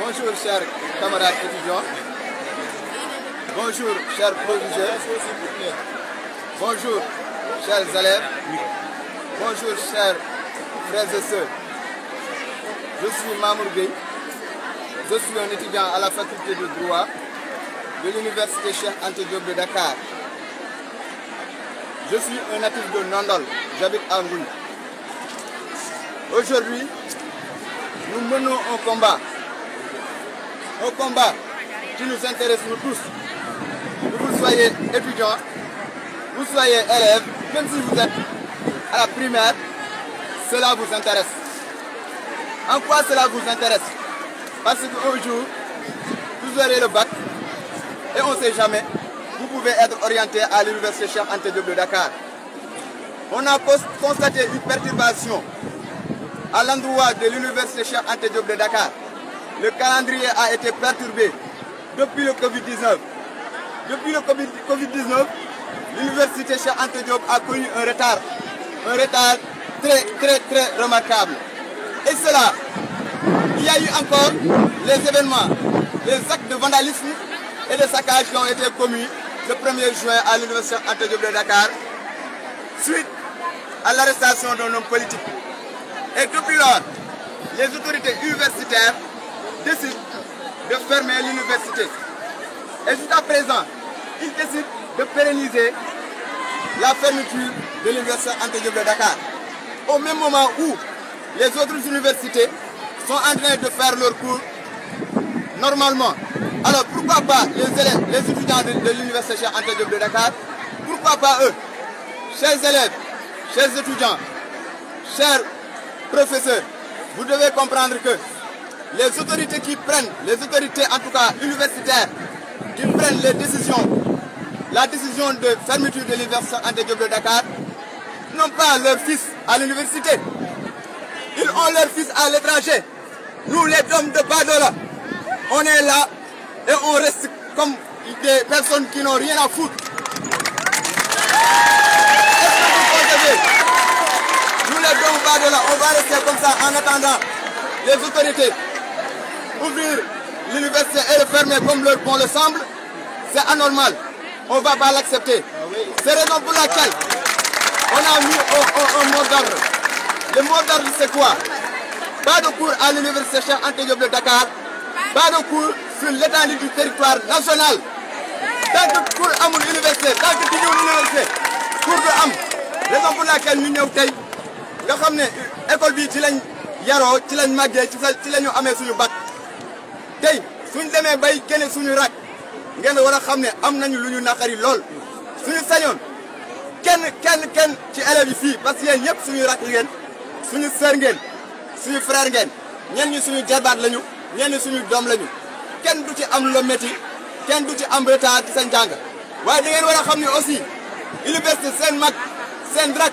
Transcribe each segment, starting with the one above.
Bonjour, chers camarades étudiants. Bonjour, chers professeurs. Bonjour, chers élèves. Bonjour, chers frères et sœurs. Je suis Mamour Gueye. Je suis un étudiant à la faculté de droit de l'université Cheikh Ante de Dakar. Je suis un natif de Nandol. J'habite à Aujourd'hui, nous menons un combat. Un combat qui nous intéresse nous tous. Que vous soyez étudiant, vous soyez élèves, même si vous êtes à la primaire, cela vous intéresse. En quoi cela vous intéresse Parce qu'un jour, vous aurez le bac et on ne sait jamais, vous pouvez être orienté à l'université Cheikh Ante de Dakar. On a constaté une perturbation à l'endroit de l'université Cheikh Ante Diop de Dakar. Le calendrier a été perturbé depuis le Covid-19. Depuis le Covid-19, l'université Cheikh Ante Diop a connu un retard, un retard très très très remarquable. Et cela, il y a eu encore les événements, les actes de vandalisme et de saccage qui ont été commis le 1er juin à l'université Ante Diop de Dakar suite à l'arrestation d'un homme politique. Et depuis lors, les autorités universitaires décident de fermer l'université. Et jusqu'à présent, ils décident de pérenniser la fermeture de l'université antérieure de Dakar. Au même moment où les autres universités sont en train de faire leurs cours normalement. Alors pourquoi pas les élèves, les étudiants de, l'université Cheikh de Dakar, pourquoi pas eux, chers élèves, chers étudiants, chers Professeur, vous devez comprendre que les autorités qui prennent, les autorités en tout cas universitaires, qui prennent les décisions, la décision de fermeture de l'université antérieure de Dakar, n'ont pas leur fils à l'université. Ils ont leur fils à l'étranger. Nous, les hommes de Badola, on est là et on reste comme des personnes qui n'ont rien à foutre on va rester comme ça en attendant les autorités ouvrir l'université et le fermer comme leur bon le semble, c'est anormal. On ne va pas l'accepter. C'est la raison pour laquelle on a mis un, mot d'ordre. Le mot d'ordre, c'est quoi Pas de cours à l'université chez Ante de Dakar, pas de cours sur l'étendue du territoire national. Tant que cours à l'université, tant que tu l'université, cours de am. Raison pour laquelle nous nga xam ne école bi ci lañ yaroo ci lañ màggee ci ci la ñu amee suñu bac tey suñ demee bay génne suñu rak ngeen war a xam ne am nañu lu ñu naqari lool sañoon kenn kenn kenn ci élèves yi fii parce que yéen ñëpp suñu rak ngeen suñu sœur ngeen suñu frère ngeen ñen ñi suñu jarbaat lañu ñen ñi suñu doom lañu kenn du ci am lo kenn du ci am retard ci seen jàng waaye da war a xam ne aussi université seen mag seen rak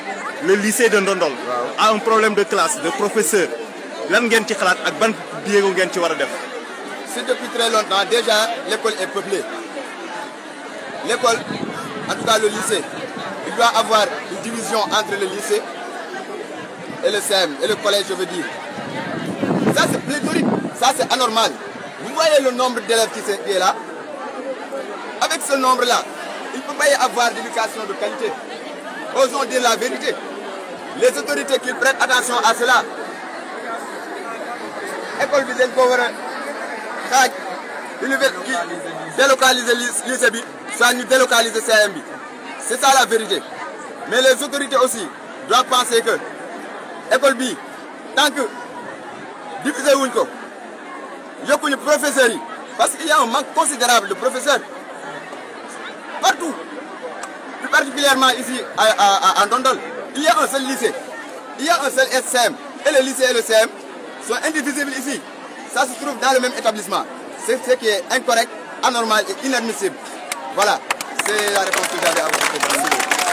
le lycée de Ndondol a un problème de classe de professeur c'est ci ak et depuis très longtemps déjà l'école est peuplée l'école en tout cas le lycée il doit avoir une division entre le lycée et le CM et le collège je veux dire ça c'est pléthorique ça c'est anormal vous voyez le nombre d'élèves qui est là avec ce nombre là il ne peut pas y avoir d'éducation de qualité osons dire la vérité les autorités qui prêtent attention à cela école bi délocaliser lycée bi ça la vérité mais les autorités aussi doivent penser que école B, tant que diviser il y a professeurs parce qu'il y a un manque considérable de professeurs partout plus particulièrement ici à à il y a un seul lycée. Il y a un seul SCM. Et le lycée et le CM sont indivisibles ici. Ça se trouve dans le même établissement. C'est ce qui est incorrect, anormal et inadmissible. Voilà. C'est la réponse que j'avais à vous.